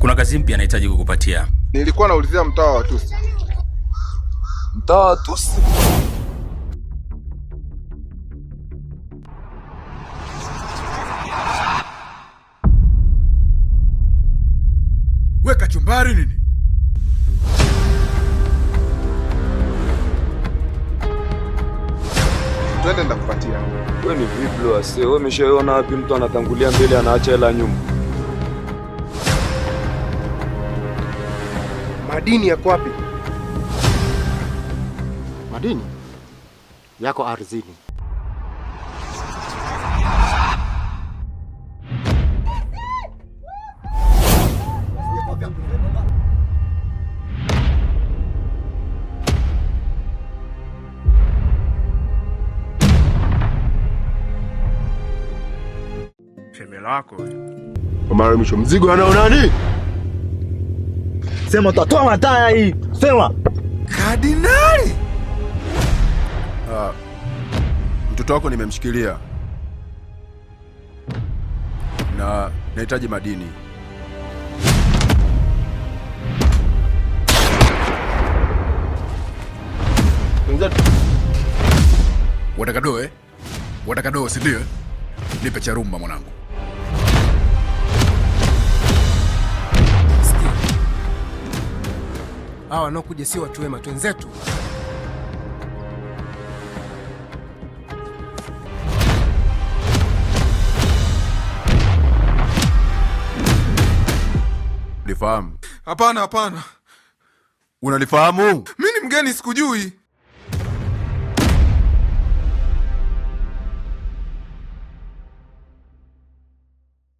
Kuna kazi mpya anahitaji kukupatia. Nilikuwa naulizia mtaa wa Watusi. Mtaa wa Watusi? Weka chumbari nini? Twende ndakupatia. We ni vipi leo? Wewe umeshaona wapi mtu anatangulia mbele anaacha hela nyuma? madini yako wapi? Madini yako ardhini. kwa mara mwisho mzigo anao nani? Sema utatoa mataya hii. Sema kardinali. Uh, mtoto wako nimemshikilia na nahitaji madini. Wataka doe? Wataka doe, si ndio? Nipe charumba mwanangu. hawa wanaokuja si watu wema, twenzetu. Hapana, hapana, unanifahamu? Mimi ni mgeni, sikujui.